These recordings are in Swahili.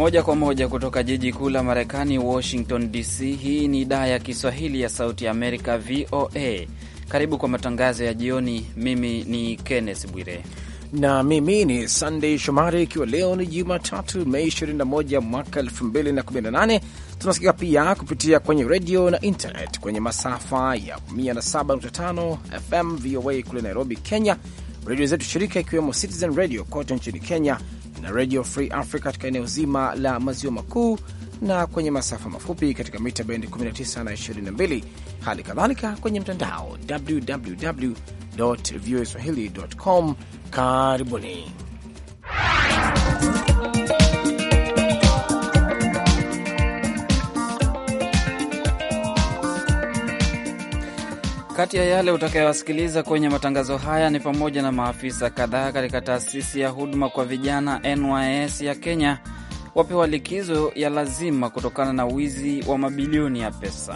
Moja kwa moja kutoka jiji kuu la Marekani, Washington DC. Hii ni idhaa ya Kiswahili ya Sauti ya Amerika, VOA. Karibu kwa matangazo ya jioni. Mimi ni Kenneth Bwire na mimi ni Sandey Shomari, ikiwa leo ni Jumatatu Mei 21 mwaka 2018. Tunasikika pia kupitia kwenye redio na internet kwenye masafa ya 107.5 FM VOA kule Nairobi, Kenya, redio zetu shirika ikiwemo Citizen Radio kote nchini Kenya, na Radio Free Africa katika eneo zima la maziwa makuu na kwenye masafa mafupi katika mita bendi 19 na 22, hali kadhalika kwenye mtandao www voaswahili.com. Karibuni. Kati ya yale utakayowasikiliza kwenye matangazo haya ni pamoja na maafisa kadhaa katika taasisi ya huduma kwa vijana NYS ya Kenya wapewa likizo ya lazima kutokana na wizi wa mabilioni ya pesa.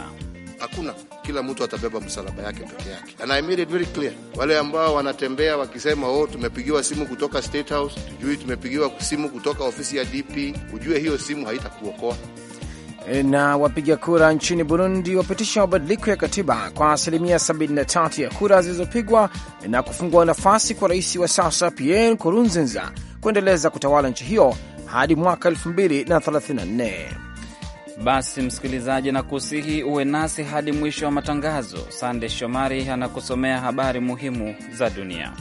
Hakuna, kila mtu atabeba msalaba yake peke yake, and I made it very clear. Wale ambao wanatembea wakisema oh, tumepigiwa simu kutoka State House, tujui tumepigiwa simu kutoka ofisi ya DP, ujue hiyo simu haitakuokoa. Eh, na wapiga kura nchini Burundi wapitisha mabadiliko ya katiba kwa asilimia 73 ya kura zilizopigwa na kufungua nafasi kwa rais wa sasa Pierre Nkurunziza kuendeleza kutawala nchi hiyo hadi mwaka 2034. Basi msikilizaji, na kusihi uwe nasi hadi mwisho wa matangazo. Sande Shomari anakusomea habari muhimu za dunia.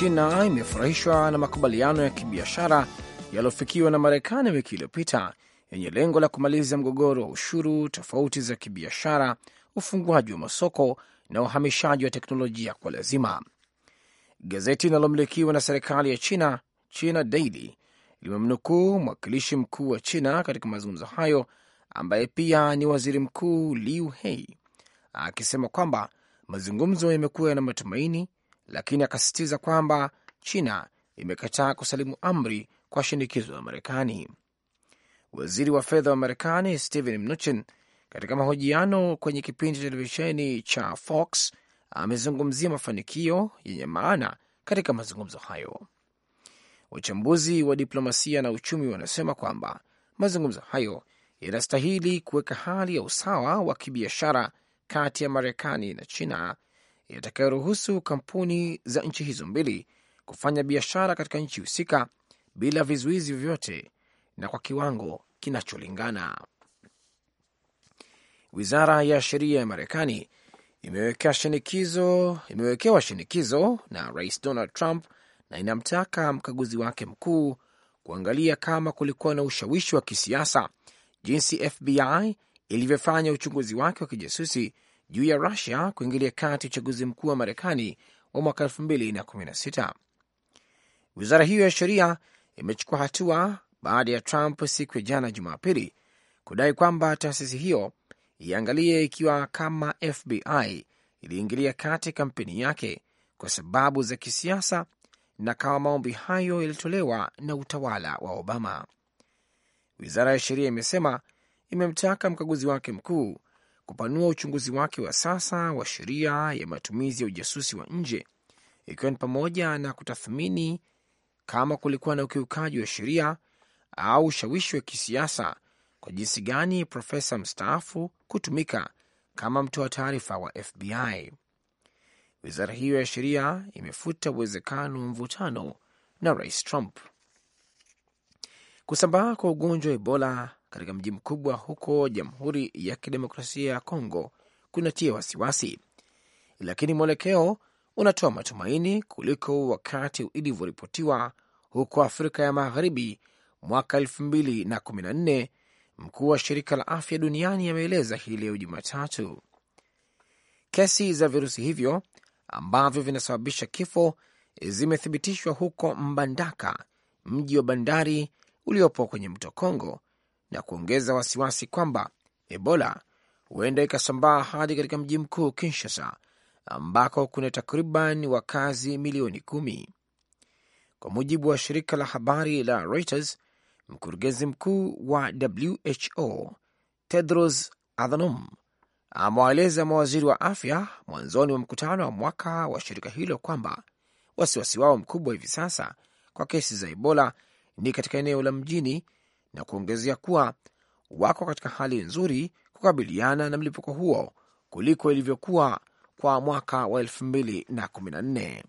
China imefurahishwa na makubaliano ya kibiashara yaliyofikiwa na Marekani wiki iliyopita yenye lengo la kumaliza mgogoro wa ushuru, tofauti za kibiashara, ufunguaji wa masoko na uhamishaji wa teknolojia kwa lazima. Gazeti linalomilikiwa na serikali ya China, China Daily, limemnukuu mwakilishi mkuu wa China katika mazungumzo hayo ambaye pia ni waziri mkuu Liu Hei akisema kwamba mazungumzo yamekuwa yana matumaini lakini akasisitiza kwamba China imekataa kusalimu amri kwa shinikizo la Marekani. Waziri wa fedha wa Marekani Steven Mnuchin, katika mahojiano kwenye kipindi cha televisheni cha Fox, amezungumzia mafanikio yenye maana katika mazungumzo hayo. Wachambuzi wa diplomasia na uchumi wanasema kwamba mazungumzo hayo yanastahili kuweka hali ya usawa wa kibiashara kati ya Marekani na China itakayoruhusu kampuni za nchi hizo mbili kufanya biashara katika nchi husika bila vizuizi vyovyote na kwa kiwango kinacholingana. Wizara ya sheria ya Marekani imewekewa shinikizo, imewekewa shinikizo na Rais Donald Trump na inamtaka mkaguzi wake mkuu kuangalia kama kulikuwa na ushawishi wa kisiasa, jinsi FBI ilivyofanya uchunguzi wake wa kijasusi juu ya Rusia kuingilia kati uchaguzi mkuu wa Marekani wa mwaka 216 Wizara hiyo ya sheria imechukua hatua baada ya Trump siku ya jana Jumapili kudai kwamba taasisi hiyo iangalie ikiwa kama FBI iliingilia kati kampeni yake kwa sababu za kisiasa na kama maombi hayo yalitolewa na utawala wa Obama. Wizara ya sheria imesema imemtaka mkaguzi wake mkuu kupanua uchunguzi wake wa sasa wa sheria ya matumizi ya ujasusi wa nje, ikiwa ni pamoja na kutathmini kama kulikuwa na ukiukaji wa sheria au ushawishi wa kisiasa kwa jinsi gani profesa mstaafu kutumika kama mtoa taarifa wa FBI. Wizara hiyo ya sheria imefuta uwezekano wa mvutano na rais Trump. Kusambaa kwa ugonjwa wa Ebola katika mji mkubwa huko Jamhuri ya Kidemokrasia ya Kongo kunatia wasiwasi, lakini mwelekeo unatoa matumaini kuliko wakati ilivyoripotiwa huko Afrika ya Magharibi mwaka elfu mbili na kumi na nne. Mkuu wa shirika la afya duniani ameeleza hii leo Jumatatu kesi za virusi hivyo ambavyo vinasababisha kifo zimethibitishwa huko Mbandaka, mji wa bandari uliopo kwenye mto Kongo, na kuongeza wasiwasi kwamba Ebola huenda ikasambaa hadi katika mji mkuu Kinshasa, ambako kuna takriban wakazi milioni kumi. Kwa mujibu wa shirika la habari la Reuters, mkurugenzi mkuu wa WHO Tedros Adhanom amewaeleza mawaziri wa afya mwanzoni wa mkutano wa mwaka wa shirika hilo kwamba wasiwasi wao mkubwa hivi sasa kwa kesi za Ebola ni katika eneo la mjini na kuongezea kuwa wako katika hali nzuri kukabiliana na mlipuko huo kuliko ilivyokuwa kwa mwaka wa nne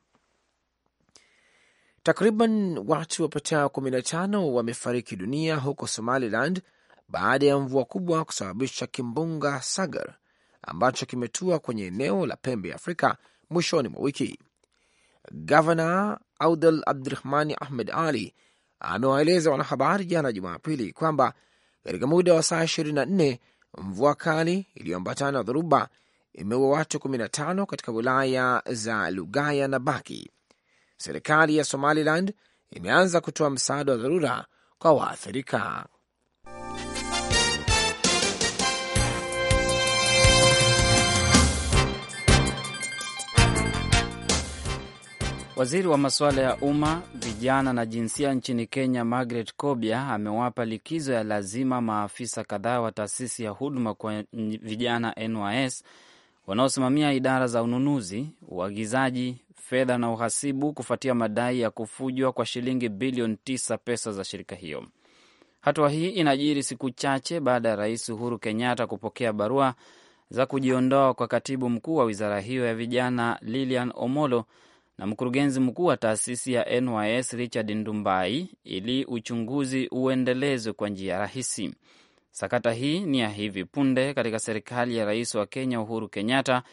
Takriban watu wapatao 15 wamefariki dunia huko Somaliland baada ya mvua kubwa kusababisha kimbunga Sagar ambacho kimetua kwenye eneo la pembe ya Afrika mwishoni mwa wiki. Gavana Audel Abdurahmani Ahmed Ali amewaeleza wanahabari jana Jumapili kwamba katika muda wa saa nne mvua kali iliyoambatana na dhoruba imeua watu tano katika wilaya za Lugaya na Baki. Serikali ya Somaliland imeanza kutoa msaada wa dharura kwa waathirika. Waziri wa masuala ya umma, vijana na jinsia nchini Kenya, Margaret Kobia, amewapa likizo ya lazima maafisa kadhaa wa taasisi ya huduma kwa vijana NYS wanaosimamia idara za ununuzi, uagizaji, fedha na uhasibu kufuatia madai ya kufujwa kwa shilingi bilioni tisa pesa za shirika hiyo. Hatua hii inajiri siku chache baada ya Rais Uhuru Kenyatta kupokea barua za kujiondoa kwa katibu mkuu wa wizara hiyo ya vijana Lilian Omolo na mkurugenzi mkuu wa taasisi ya NYS Richard Ndumbai ili uchunguzi uendelezwe kwa njia rahisi. Sakata hii ni ya hivi punde katika serikali ya rais wa Kenya Uhuru Kenyatta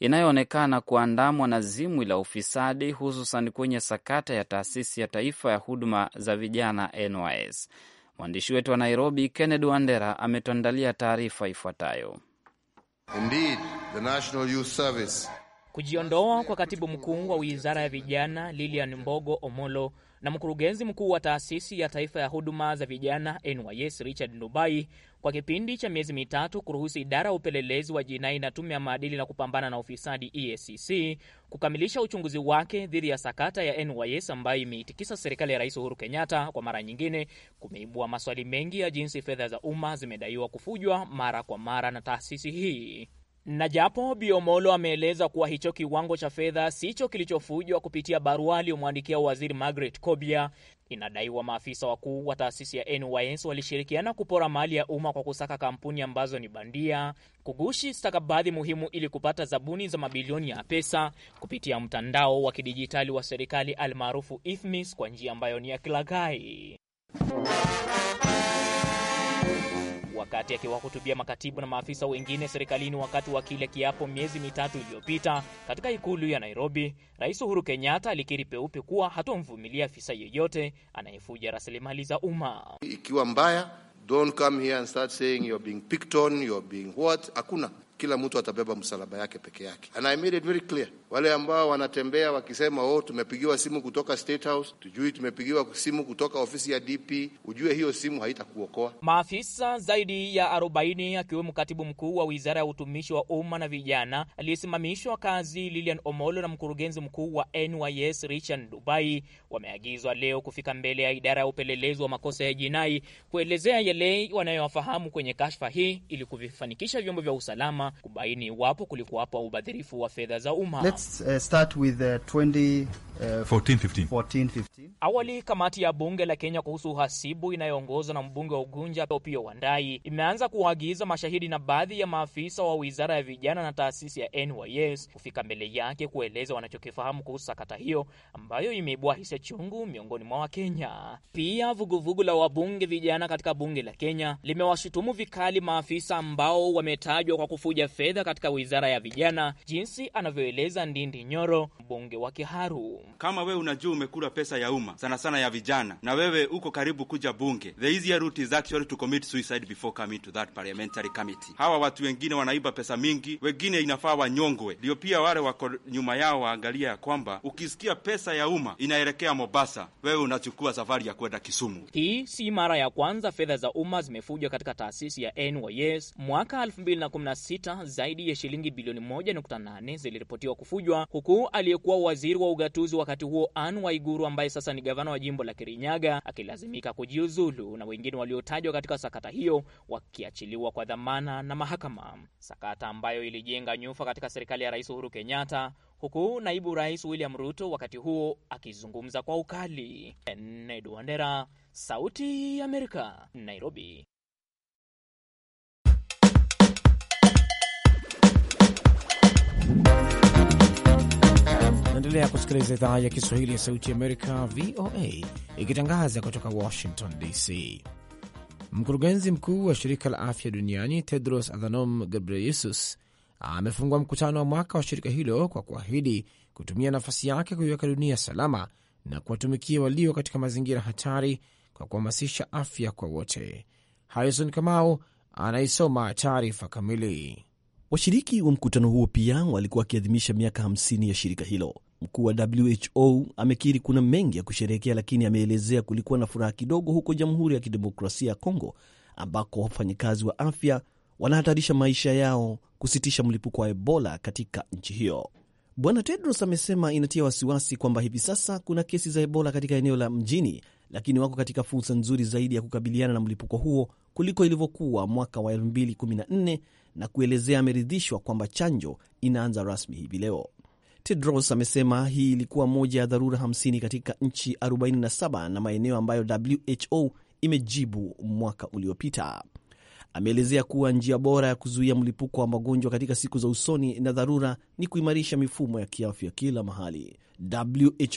inayoonekana kuandamwa na zimwi la ufisadi, hususan kwenye sakata ya taasisi ya taifa ya huduma za vijana NYS. Mwandishi wetu wa Nairobi, Kennedy Wandera, ametuandalia taarifa ifuatayo. Indeed, the National Youth Service Kujiondoa kwa katibu mkuu wa wizara ya vijana Lilian Mbogo Omolo na mkurugenzi mkuu wa taasisi ya taifa ya huduma za vijana NYS Richard Ndubai kwa kipindi cha miezi mitatu, kuruhusu idara ya upelelezi wa jinai na tume ya maadili na kupambana na ufisadi EACC kukamilisha uchunguzi wake dhidi ya sakata ya NYS ambayo imeitikisa serikali ya Rais Uhuru Kenyatta kwa mara nyingine, kumeibua maswali mengi ya jinsi fedha za umma zimedaiwa kufujwa mara kwa mara na taasisi hii. Na japo biomolo ameeleza kuwa hicho kiwango cha fedha sicho kilichofujwa kupitia barua aliyomwandikia Waziri Margaret Kobia, inadaiwa maafisa wakuu wa taasisi ya NYS walishirikiana kupora mali ya umma kwa kusaka kampuni ambazo ni bandia, kugushi stakabadhi muhimu ili kupata zabuni za mabilioni ya pesa kupitia mtandao wa kidijitali wa serikali almaarufu IFMIS kwa njia ambayo ni ya kilaghai wakati akiwahutubia makatibu na maafisa wengine serikalini wakati wa kile kiapo miezi mitatu iliyopita katika ikulu ya Nairobi, Rais Uhuru Kenyatta alikiri peupe kuwa hatomvumilia afisa yeyote anayefuja rasilimali za umma. Ikiwa mbaya, don't come here and start saying you're being picked on, you're being what. Hakuna, kila mtu atabeba msalaba yake peke yake, and I made it very clear wale ambao wanatembea wakisema oh, tumepigiwa simu kutoka State House, tujui tumepigiwa simu kutoka ofisi ya DP, ujue hiyo simu haitakuokoa. Maafisa zaidi ya 40 akiwemo katibu mkuu wa wizara ya utumishi wa umma na vijana aliyesimamishwa kazi Lilian Omolo na mkurugenzi mkuu wa NYS Richard Dubai wameagizwa leo kufika mbele ya idara ya upelelezi wa makosa ya jinai kuelezea yale wanayowafahamu kwenye kashfa hii ili kuvifanikisha vyombo vya usalama kubaini iwapo kulikuwapo ubadhirifu wa fedha za umma. Uh, start with 20 Uh, 14, 15. 14, 15. Awali kamati ya bunge la Kenya kuhusu uhasibu inayoongozwa na mbunge wa Ugunja Opiyo Wandai imeanza kuagiza mashahidi na baadhi ya maafisa wa wizara ya vijana na taasisi ya NYS kufika mbele yake kueleza wanachokifahamu kuhusu sakata hiyo ambayo imeibua hisia chungu miongoni mwa Wakenya. Pia vuguvugu la wabunge vijana katika bunge la Kenya limewashutumu vikali maafisa ambao wametajwa kwa kufuja fedha katika wizara ya vijana, jinsi anavyoeleza Ndindi Nyoro, mbunge wa Kiharu. Kama wewe unajua umekula pesa ya umma sana sana ya vijana, na wewe uko karibu kuja bunge, the easier route is actually to commit suicide before coming to that parliamentary committee. Hawa watu wengine wanaiba pesa mingi, wengine inafaa wanyongwe, ndio pia wale wako nyuma yao waangalia ya kwamba ukisikia pesa ya umma inaelekea Mombasa, wewe unachukua safari ya kwenda Kisumu. Hii si mara ya kwanza fedha za umma zimefujwa katika taasisi ya NYS. Mwaka 2016 zaidi ya shilingi bilioni 1.8 ziliripotiwa kufuja alifukuzwa, huku aliyekuwa waziri wa ugatuzi wakati huo Ann Waiguru ambaye sasa ni gavana wa jimbo la Kirinyaga akilazimika kujiuzulu na wengine waliotajwa katika sakata hiyo wakiachiliwa kwa dhamana na mahakama, sakata ambayo ilijenga nyufa katika serikali ya Rais Uhuru Kenyatta, huku naibu rais William Ruto wakati huo akizungumza kwa ukali. Ned Wandera, Sauti ya Amerika, Nairobi. Naendelea kusikiliza idhaa ya Kiswahili ya Sauti ya Amerika, VOA, ikitangaza kutoka Washington DC. Mkurugenzi mkuu wa shirika la afya duniani Tedros Adhanom Ghebreyesus amefungua mkutano wa mwaka wa shirika hilo kwa kuahidi kutumia nafasi yake kuiweka dunia salama na kuwatumikia walio katika mazingira hatari kwa kuhamasisha afya kwa wote. Harrison Kamau anaisoma taarifa kamili. Washiriki wa mkutano huo pia walikuwa wakiadhimisha miaka 50 ya shirika hilo. Mkuu wa WHO amekiri kuna mengi ya kusherehekea, lakini ameelezea kulikuwa na furaha kidogo huko Jamhuri ya Kidemokrasia ya Kongo ambako wafanyikazi wa afya wanahatarisha maisha yao kusitisha mlipuko wa Ebola katika nchi hiyo. Bwana Tedros amesema inatia wasiwasi kwamba hivi sasa kuna kesi za Ebola katika eneo la mjini lakini wako katika fursa nzuri zaidi ya kukabiliana na mlipuko huo kuliko ilivyokuwa mwaka wa 2014 na kuelezea ameridhishwa kwamba chanjo inaanza rasmi hivi leo. Tedros amesema hii ilikuwa moja ya dharura 50 katika nchi 47 na maeneo ambayo WHO imejibu mwaka uliopita. Ameelezea kuwa njia bora ya kuzuia mlipuko wa magonjwa katika siku za usoni na dharura ni kuimarisha mifumo ya kiafya kila mahali.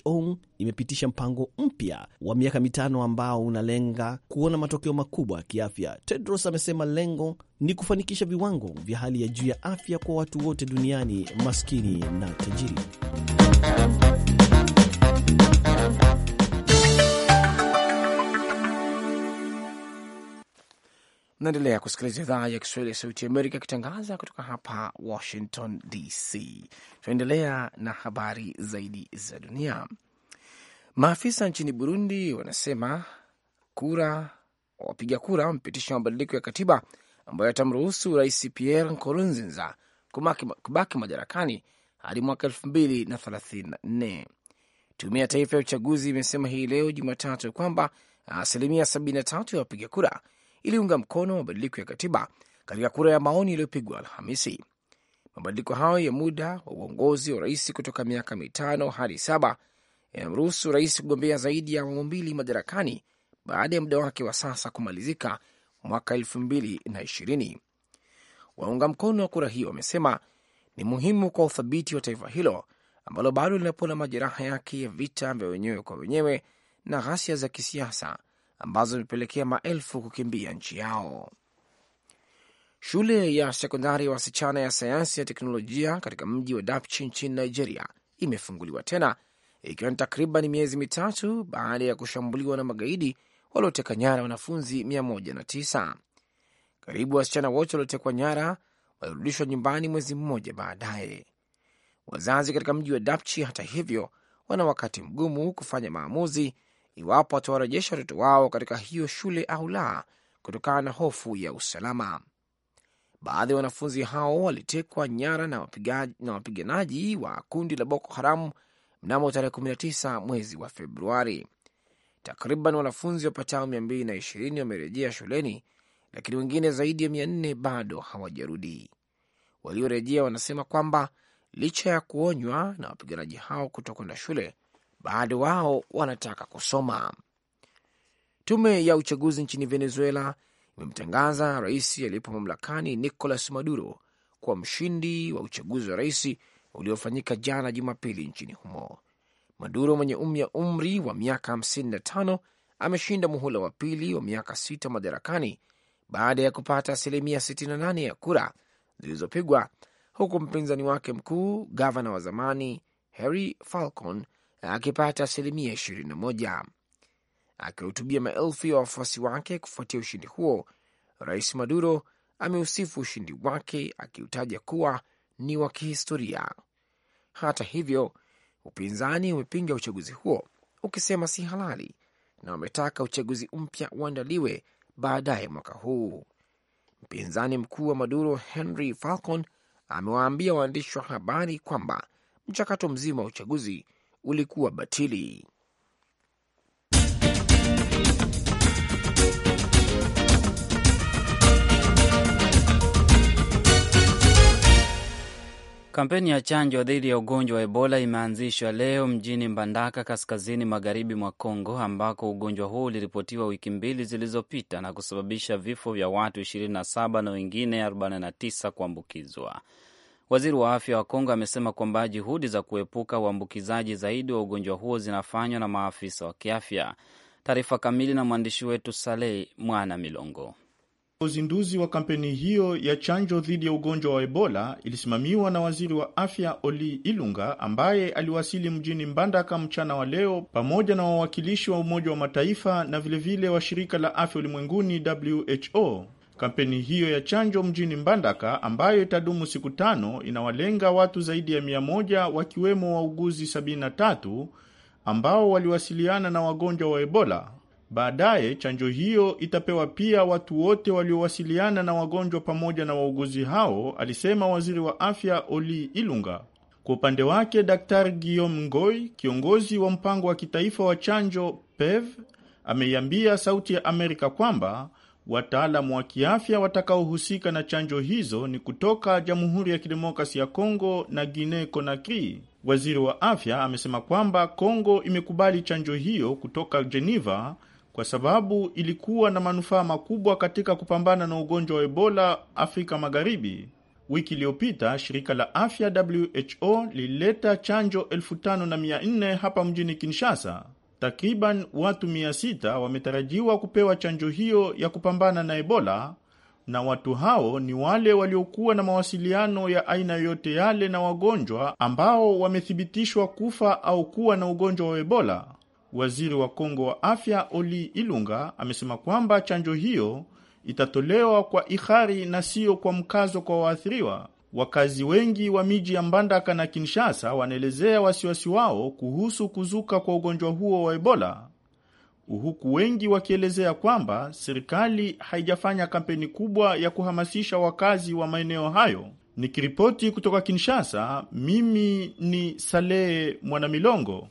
WHO imepitisha mpango mpya wa miaka mitano ambao unalenga kuona matokeo makubwa ya kiafya. Tedros amesema lengo ni kufanikisha viwango vya hali ya juu ya afya kwa watu wote duniani, maskini na tajiri. Naendelea kusikiliza idhaa ya Kiswahili ya Sauti ya Amerika ikitangaza kutoka hapa Washington DC. Tunaendelea na habari zaidi za dunia. Maafisa nchini Burundi wanasema kura wapiga kura wamepitisha mabadiliko ya katiba ambayo yatamruhusu Rais Pierre Nkurunziza kubaki madarakani hadi mwaka elfu mbili na thelathini na nne. Tume ya Taifa ya Uchaguzi imesema hii leo Jumatatu kwamba asilimia 73 ya wapiga kura iliunga mkono mabadiliko ya katiba katika kura ya maoni iliyopigwa Alhamisi. Mabadiliko hayo ya muda wa uongozi wa rais kutoka miaka mitano hadi saba yanamruhusu rais kugombea zaidi ya awamu mbili madarakani baada ya muda wake wa sasa kumalizika mwaka elfu mbili na ishirini. Waunga mkono wa kura hiyo wamesema ni muhimu kwa uthabiti wa taifa hilo ambalo bado linapona majeraha yake ya vita vya wenyewe kwa wenyewe na ghasia za kisiasa ambazo zimepelekea maelfu kukimbia nchi yao. Shule ya sekondari ya wasichana ya sayansi ya teknolojia katika mji wa Dapchi nchini Nigeria imefunguliwa tena ikiwa ni takriban miezi mitatu baada ya kushambuliwa na magaidi walioteka nyara wanafunzi 109. Karibu wasichana wote waliotekwa nyara walirudishwa nyumbani mwezi mmoja baadaye. Wazazi katika mji wa Dapchi, hata hivyo, wana wakati mgumu kufanya maamuzi iwapo watawarejesha watoto wao katika hiyo shule au la, kutokana na hofu ya usalama. Baadhi ya wanafunzi hao walitekwa nyara na, wapiga, na wapiganaji wa kundi la Boko Haram mnamo tarehe 19 mwezi wa Februari. Takriban wanafunzi wapatao 220 wamerejea shuleni, lakini wengine zaidi ya 400 bado hawajarudi. Waliorejea wanasema kwamba licha ya kuonywa na wapiganaji hao kutokwenda shule, baadhi wao wanataka kusoma. Tume ya uchaguzi nchini Venezuela imemtangaza rais aliyepo mamlakani Nicolas Maduro kuwa mshindi wa uchaguzi wa rais uliofanyika jana Jumapili nchini humo. Maduro mwenye umri wa miaka 55 ameshinda muhula wa pili wa miaka sita madarakani baada ya kupata asilimia 68 ya kura zilizopigwa, huku mpinzani wake mkuu gavana wa zamani Harry Falcon akipata asilimia moja. Akihutubia maelfu ya wafuasi wake kufuatia ushindi huo, Rais Maduro ameusifu ushindi wake akiutaja kuwa ni wa kihistoria. Hata hivyo, upinzani umepinga uchaguzi huo ukisema si halali na wametaka uchaguzi mpya uandaliwe baadaye mwaka huu. Mpinzani mkuu wa Maduro Henry Falcon amewaambia waandishi wa habari kwamba mchakato mzima wa uchaguzi ulikuwa batili. Kampeni ya chanjo dhidi ya ugonjwa wa Ebola imeanzishwa leo mjini Mbandaka, kaskazini magharibi mwa congo ambako ugonjwa huu uliripotiwa wiki mbili zilizopita na kusababisha vifo vya watu 27 na wengine 49 kuambukizwa. Waziri wa afya wa Kongo amesema kwamba juhudi za kuepuka uambukizaji zaidi wa ugonjwa huo zinafanywa na maafisa wa kiafya. Taarifa kamili na mwandishi wetu salei Mwana Milongo. Uzinduzi wa kampeni hiyo ya chanjo dhidi ya ugonjwa wa Ebola ilisimamiwa na waziri wa afya Oli Ilunga ambaye aliwasili mjini Mbandaka mchana wa leo pamoja na wawakilishi wa Umoja wa Mataifa na vilevile wa Shirika la Afya Ulimwenguni WHO. Kampeni hiyo ya chanjo mjini Mbandaka ambayo itadumu siku tano inawalenga watu zaidi ya mia moja wakiwemo wauguzi 73 ambao waliwasiliana na wagonjwa wa Ebola. Baadaye chanjo hiyo itapewa pia watu wote waliowasiliana na wagonjwa pamoja na wauguzi hao, alisema waziri wa afya Oli Ilunga. Kwa upande wake, Daktari Guillaume Ngoi, kiongozi wa mpango wa kitaifa wa chanjo PEV, ameiambia Sauti ya Amerika kwamba Wataalamu wa kiafya watakaohusika na chanjo hizo ni kutoka Jamhuri ya Kidemokrasi ya Kongo na Guinea Conakry. Waziri wa afya amesema kwamba Kongo imekubali chanjo hiyo kutoka Geneva kwa sababu ilikuwa na manufaa makubwa katika kupambana na ugonjwa wa Ebola Afrika Magharibi. Wiki iliyopita shirika la afya WHO lilileta chanjo elfu tano na mia nne hapa mjini Kinshasa. Takriban watu 600 wametarajiwa kupewa chanjo hiyo ya kupambana na Ebola na watu hao ni wale waliokuwa na mawasiliano ya aina yoyote yale na wagonjwa ambao wamethibitishwa kufa au kuwa na ugonjwa wa Ebola. Waziri wa Kongo wa Afya Oli Ilunga amesema kwamba chanjo hiyo itatolewa kwa ihari na siyo kwa mkazo kwa waathiriwa. Wakazi wengi wa miji ya Mbandaka na Kinshasa wanaelezea wasiwasi wao kuhusu kuzuka kwa ugonjwa huo wa Ebola, huku wengi wakielezea kwamba serikali haijafanya kampeni kubwa ya kuhamasisha wakazi wa maeneo hayo. Nikiripoti kutoka Kinshasa, mimi ni Salehe Mwanamilongo.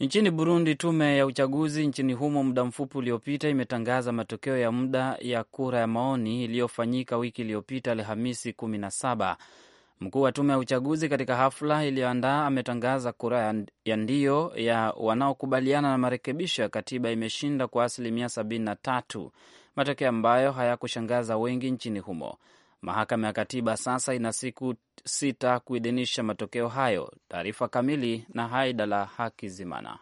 Nchini Burundi, tume ya uchaguzi nchini humo muda mfupi uliopita imetangaza matokeo ya muda ya kura ya maoni iliyofanyika wiki iliyopita Alhamisi 17. Mkuu wa tume ya uchaguzi katika hafla iliyoandaa ametangaza kura ya ndio ya wanaokubaliana na marekebisho ya katiba imeshinda kwa asilimia 73, matokeo ambayo hayakushangaza wengi nchini humo. Mahakama ya Katiba sasa ina siku sita kuidhinisha matokeo hayo. Taarifa kamili na Haidala Hakizimana.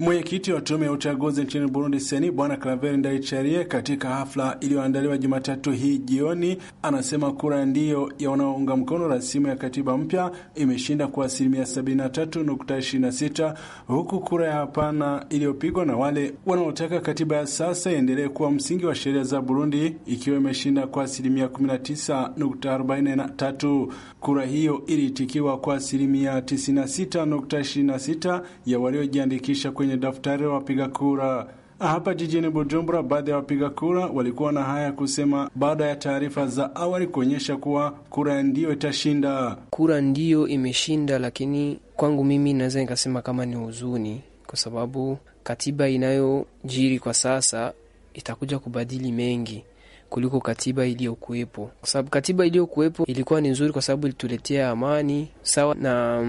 Mwenyekiti wa tume ya uchaguzi nchini Burundi seni Bwana Claver Ndaicharie katika hafla iliyoandaliwa Jumatatu hii jioni anasema kura ndiyo ya wanaounga mkono rasimu ya katiba mpya imeshinda kwa asilimia 73.26 huku kura ya hapana iliyopigwa na wale wanaotaka katiba ya sasa iendelee kuwa msingi wa sheria za Burundi ikiwa imeshinda kwa asilimia 19.43. Kura hiyo iliitikiwa kwa asilimia 96.26 ya waliojiandikisha kwenye kwenye daftari la wapiga kura. Hapa jijini Bujumbura, baadhi ya wapiga kura walikuwa na haya kusema baada ya taarifa za awali kuonyesha kuwa kura ndiyo itashinda. Kura ndiyo imeshinda, lakini kwangu mimi naweza nikasema kama ni huzuni, kwa sababu katiba inayojiri kwa sasa itakuja kubadili mengi kuliko katiba iliyokuwepo, kwa sababu katiba iliyokuwepo ilikuwa ni nzuri, kwa sababu ilituletea amani sawa na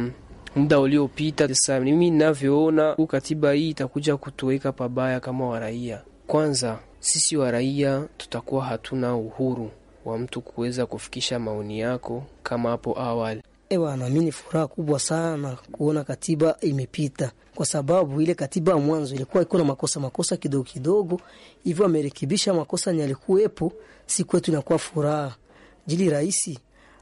muda uliopita. Sasa mimi ninavyoona, huu katiba hii itakuja kutuweka pabaya kama waraia. Kwanza sisi waraia tutakuwa hatuna uhuru wa mtu kuweza kufikisha maoni yako kama hapo awali. Ebana, mi ni furaha kubwa sana kuona katiba imepita, kwa sababu ile katiba ya mwanzo ilikuwa iko na makosa makosa kidogo kidogo, hivyo amerekebisha makosa ni alikuwepo, si kwetu inakuwa furaha jili rahisi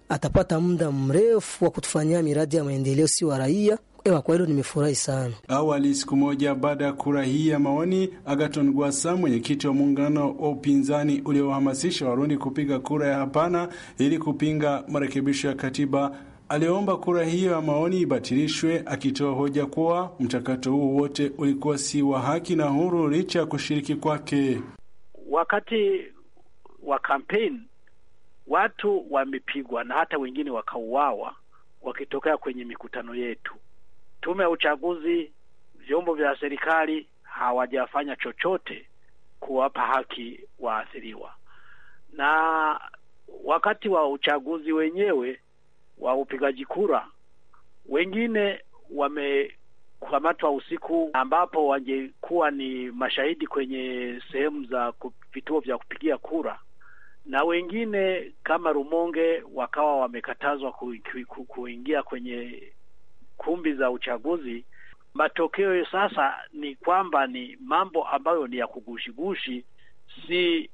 atapata muda mrefu wa kutufanyia miradi ya maendeleo, si wa raia. Ewa, kwa hilo nimefurahi sana. Awali, siku moja baada ya kura hii ya maoni, Agaton Gwasa, mwenyekiti wa muungano wa upinzani uliohamasisha Warundi kupiga kura ya hapana ili kupinga marekebisho ya katiba aliomba kura hiyo ya maoni ibatilishwe, akitoa hoja kuwa mchakato huo wote ulikuwa si wa haki na huru licha ya kushiriki kwake wakati wa kampeni watu wamepigwa na hata wengine wakauawa wakitokea kwenye mikutano yetu. Tume ya uchaguzi, vyombo vya serikali hawajafanya chochote kuwapa haki waathiriwa, na wakati wa uchaguzi wenyewe wa upigaji kura, wengine wamekamatwa usiku, ambapo wangekuwa ni mashahidi kwenye sehemu za vituo vya kupigia kura na wengine kama Rumonge wakawa wamekatazwa kuingia kwenye kumbi za uchaguzi. Matokeo sasa ni kwamba ni mambo ambayo ni ya kugushigushi, si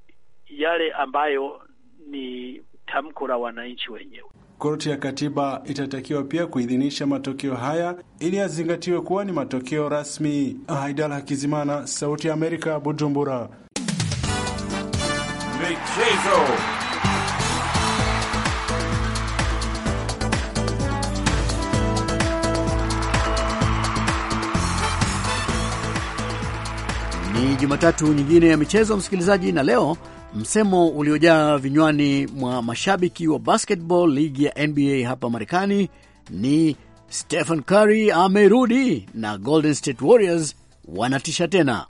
yale ambayo ni tamko la wananchi wenyewe. Korti ya Katiba itatakiwa pia kuidhinisha matokeo haya ili yazingatiwe kuwa ni matokeo rasmi. Haidala Hakizimana, Sauti ya Amerika, Bujumbura. Beccheto. Ni Jumatatu nyingine ya michezo, msikilizaji, na leo msemo uliojaa vinywani mwa mashabiki wa basketball ligi ya NBA hapa Marekani ni Stephen Curry amerudi na Golden State Warriors wanatisha tena.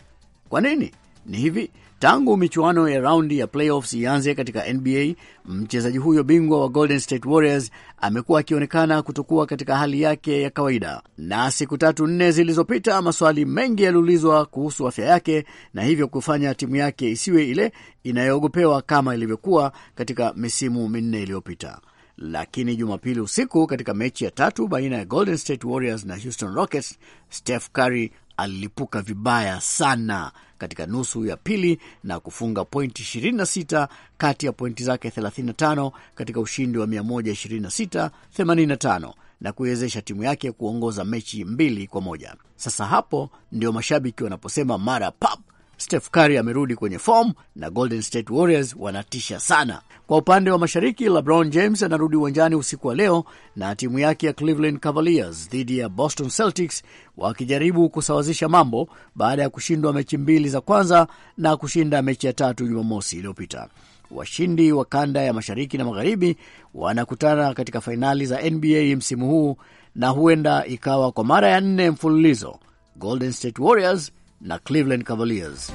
Kwa nini? Ni hivi, Tangu michuano ya raundi ya playoffs ianze katika NBA, mchezaji huyo bingwa wa Golden State Warriors amekuwa akionekana kutokuwa katika hali yake ya kawaida, na siku tatu nne zilizopita maswali mengi yaliulizwa kuhusu afya yake na hivyo kufanya timu yake isiwe ile inayoogopewa kama ilivyokuwa katika misimu minne iliyopita. Lakini Jumapili usiku katika mechi ya tatu baina ya Golden State Warriors na Houston Rockets, Steph Curry alilipuka vibaya sana katika nusu ya pili na kufunga pointi 26 kati ya pointi zake 35 katika ushindi wa 126 85 na kuiwezesha timu yake kuongoza mechi mbili kwa moja. Sasa hapo ndio mashabiki wanaposema mara pap Steph Curry amerudi kwenye form na Golden State Warriors wanatisha sana. Kwa upande wa mashariki, LeBron James anarudi uwanjani usiku wa leo na timu yake ya Cleveland Cavaliers dhidi ya Boston Celtics wakijaribu kusawazisha mambo baada ya kushindwa mechi mbili za kwanza na kushinda mechi ya tatu Jumamosi iliyopita. Washindi wa kanda ya mashariki na magharibi wanakutana katika fainali za NBA msimu huu na huenda ikawa kwa mara ya nne mfululizo Golden State Warriors na Cleveland Cavaliers.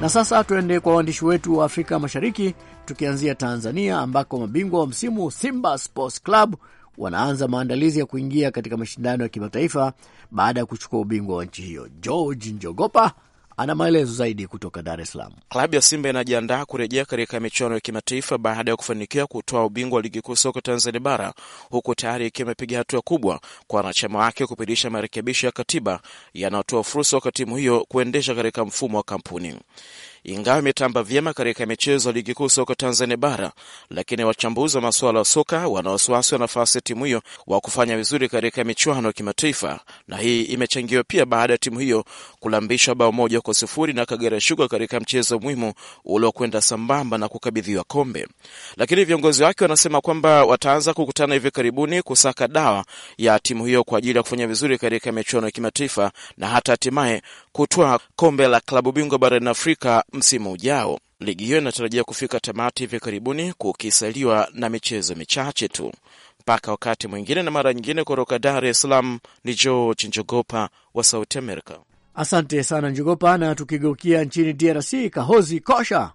Na sasa tuende kwa waandishi wetu wa Afrika Mashariki, tukianzia Tanzania ambako mabingwa wa msimu Simba Sports Club wanaanza maandalizi ya kuingia katika mashindano ya kimataifa baada ya kuchukua ubingwa wa nchi hiyo. George Njogopa ana maelezo zaidi kutoka Dar es Salaam. Klabu ya Simba inajiandaa kurejea katika michuano ya kimataifa baada ya kufanikiwa kutoa ubingwa wa ligi kuu soka Tanzania bara, huku tayari ikiwa imepiga hatua kubwa kwa wanachama wake kupitisha marekebisho ya katiba yanayotoa fursa kwa timu hiyo kuendesha katika mfumo wa kampuni ingawa imetamba vyema katika michezo ya ligi kuu soka Tanzania bara, lakini wachambuzi wa masuala ya soka wana wasiwasi wa nafasi ya timu hiyo wa kufanya vizuri katika michuano ya kimataifa, na hii imechangiwa pia baada ya timu hiyo kulambishwa bao moja kwa sifuri na Kagera Sugar katika mchezo muhimu uliokwenda sambamba na kukabidhiwa kombe. Lakini viongozi wake wanasema kwamba wataanza kukutana hivi karibuni kusaka dawa ya timu hiyo kwa ajili ya kufanya vizuri katika michuano ya kimataifa na hata hatimaye kutwaa kombe la klabu bingwa barani Afrika msimu ujao. Ligi hiyo inatarajia kufika tamati hivi karibuni, kukisaliwa na michezo michache tu. Mpaka wakati mwingine na mara nyingine, kutoka Dar es Salaam ni George Njogopa wa Sauti america Asante sana Njogopa. Na tukigeukia nchini DRC, Kahozi Kosha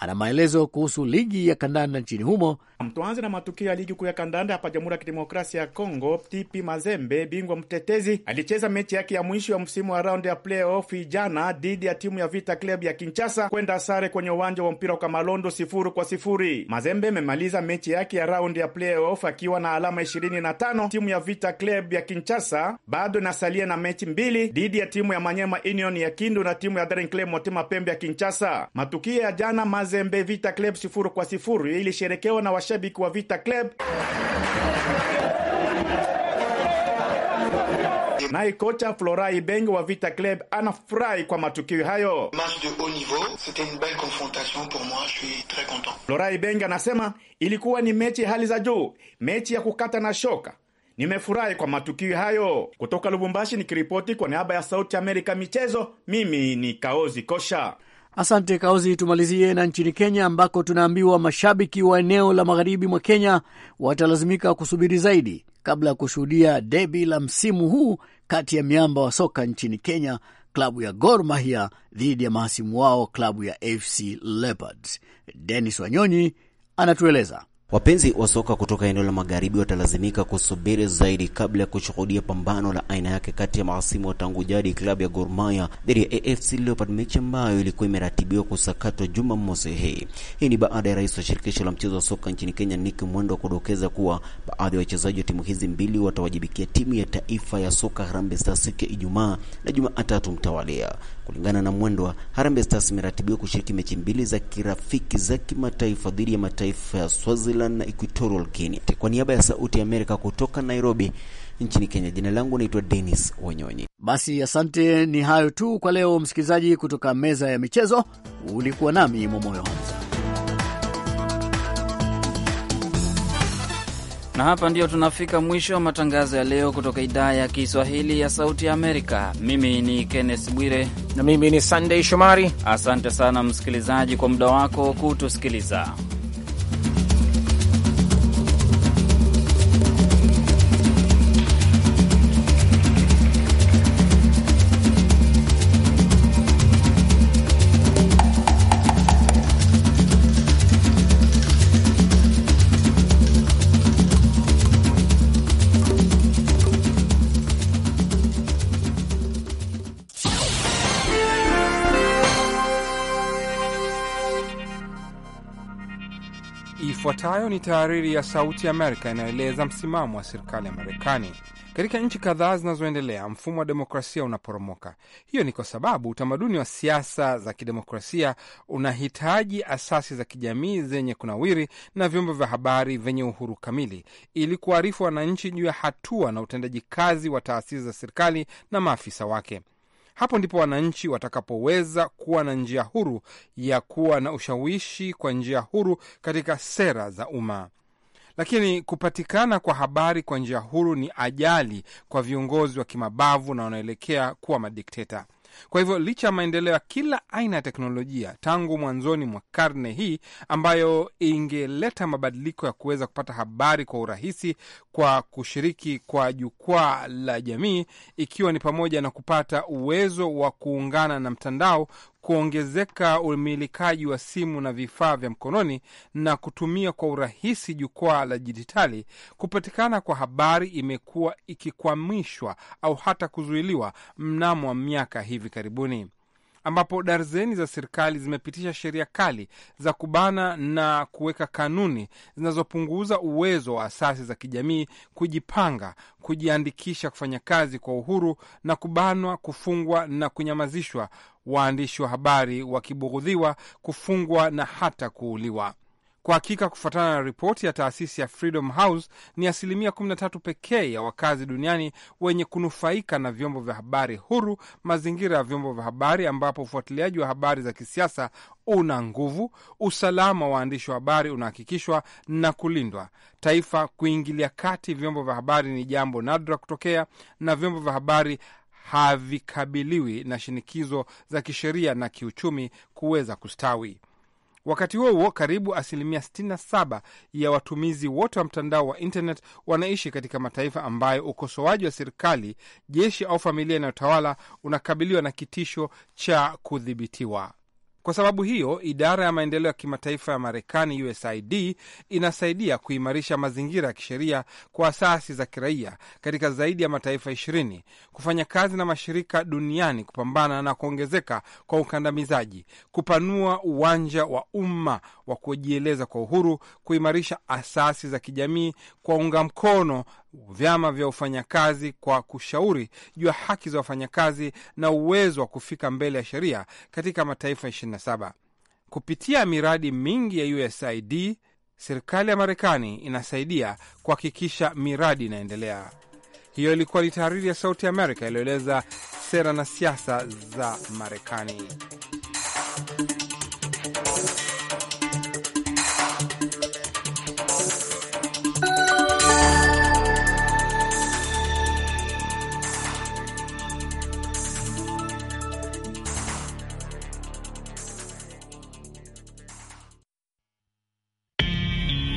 ana maelezo kuhusu ligi ya kandanda nchini humo. Tuanze na matukio ya ligi kuu ya kandanda hapa Jamhuri ya Kidemokrasia ya Kongo. TP Mazembe, bingwa mtetezi, alicheza mechi yake ya mwisho ya msimu wa raundi ya playoff jana dhidi ya timu ya Vita Club ya Kinshasa kwenda sare kwenye uwanja wa mpira wa Kamalondo sifuri kwa sifuri. Mazembe amemaliza mechi yake ya raundi ya playoff akiwa na alama 25. Timu ya Vita Club ya Kinshasa bado inasalia na mechi mbili dhidi ya timu ya Manyema Union ya Kindu na timu ya Daring Club Motema Pembe ya Kinshasa. Matukio ya jana Mazembe Vita Club sifuri kwa sifuri ilisherekewa na washabiki wa Vita Club. Naye kocha Florai Beng wa Vita Club anafurahi kwa matukio hayo. Florai Beng anasema ilikuwa ni mechi hali za juu, mechi ya kukata na shoka. Nimefurahi kwa matukio hayo. Kutoka Lubumbashi nikiripoti kwa niaba ya Sauti Amerika michezo, mimi ni Kaozi Kosha. Asante Kauzi. Tumalizie na nchini Kenya ambako tunaambiwa mashabiki wa eneo la magharibi mwa Kenya watalazimika kusubiri zaidi kabla ya kushuhudia debi la msimu huu kati ya miamba wa soka nchini Kenya, klabu ya Gor Mahia dhidi ya mahasimu wao klabu ya fc Leopards. Denis Wanyonyi anatueleza. Wapenzi wa soka kutoka eneo la magharibi watalazimika kusubiri zaidi kabla ya kushuhudia pambano la aina yake kati ya mahasimu wa tangu jadi klabu ya Gor Mahia dhidi ya AFC Leopards, mechi ambayo ilikuwa imeratibiwa kusakatwa Jumamosi hii. Hii ni baada ya rais wa shirikisho la mchezo wa soka nchini Kenya Nick Mwendo kudokeza kuwa baadhi ya wachezaji wa timu hizi mbili watawajibikia timu ya taifa ya soka Harambee Stars siku ya Ijumaa na Jumatatu mtawalia. Kulingana na mwendo wa Harambee Stars imeratibiwa kushiriki mechi mbili za kirafiki za kimataifa dhidi ya mataifa ya Swaziland na Equatorial Guinea. Kwa niaba ya Sauti ya Amerika kutoka Nairobi nchini Kenya, jina langu naitwa Dennis Wanyonyi. Basi asante, ni hayo tu kwa leo msikilizaji, kutoka meza ya michezo. Ulikuwa nami Momoyo Hamza. Na hapa ndio tunafika mwisho wa matangazo ya leo kutoka idhaa ya Kiswahili ya Sauti ya Amerika. Mimi ni Kenneth Bwire na mimi ni Sandey Shomari. Asante sana msikilizaji kwa muda wako kutusikiliza. Ifuatayo ni tahariri ya Sauti ya Amerika inayoeleza msimamo wa serikali ya Marekani. Katika nchi kadhaa zinazoendelea, mfumo wa demokrasia unaporomoka. Hiyo ni kwa sababu utamaduni wa siasa za kidemokrasia unahitaji asasi za kijamii zenye kunawiri na vyombo vya habari vyenye uhuru kamili, ili kuarifu wananchi juu ya hatua na utendaji kazi wa taasisi za serikali na maafisa wake. Hapo ndipo wananchi watakapoweza kuwa na njia huru ya kuwa na ushawishi kwa njia huru katika sera za umma. Lakini kupatikana kwa habari kwa njia huru ni ajali kwa viongozi wa kimabavu na wanaelekea kuwa madikteta. Kwa hivyo licha ya maendeleo ya kila aina ya teknolojia tangu mwanzoni mwa karne hii ambayo ingeleta mabadiliko ya kuweza kupata habari kwa urahisi kwa kushiriki kwa jukwaa la jamii, ikiwa ni pamoja na kupata uwezo wa kuungana na mtandao kuongezeka umilikaji wa simu na vifaa vya mkononi na kutumia kwa urahisi jukwaa la dijitali, kupatikana kwa habari imekuwa ikikwamishwa au hata kuzuiliwa mnamo wa miaka hivi karibuni ambapo darzeni za serikali zimepitisha sheria kali za kubana na kuweka kanuni zinazopunguza uwezo wa asasi za kijamii kujipanga, kujiandikisha kufanya kazi kwa uhuru na kubanwa, kufungwa na kunyamazishwa waandishi wa habari wakibughudhiwa, kufungwa na hata kuuliwa. Kwa hakika, kufuatana na ripoti ya taasisi ya Freedom House, ni asilimia 13 pekee ya wakazi duniani wenye kunufaika na vyombo vya habari huru, mazingira ya vyombo vya habari ambapo ufuatiliaji wa habari za kisiasa una nguvu, usalama wa waandishi wa habari unahakikishwa na kulindwa. Taifa kuingilia kati vyombo vya habari ni jambo nadra kutokea, na vyombo vya habari havikabiliwi na shinikizo za kisheria na kiuchumi kuweza kustawi. Wakati huo huo, karibu asilimia 67 ya watumizi wote wa mtandao wa internet wanaishi katika mataifa ambayo ukosoaji wa serikali, jeshi au familia inayotawala unakabiliwa na kitisho cha kudhibitiwa. Kwa sababu hiyo, idara ya maendeleo ya kimataifa ya Marekani, USAID, inasaidia kuimarisha mazingira ya kisheria kwa asasi za kiraia katika zaidi ya mataifa ishirini, kufanya kazi na mashirika duniani kupambana na kuongezeka kwa ukandamizaji, kupanua uwanja wa umma wa kujieleza kwa uhuru, kuimarisha asasi za kijamii, kuwaunga mkono vyama vya ufanyakazi kwa kushauri juu ya haki za wafanyakazi na uwezo wa kufika mbele ya sheria katika mataifa 27 kupitia miradi mingi ya USAID. Serikali ya Marekani inasaidia kuhakikisha miradi inaendelea. Hiyo ilikuwa ni tahariri ya Sauti ya Amerika iliyoeleza sera na siasa za Marekani.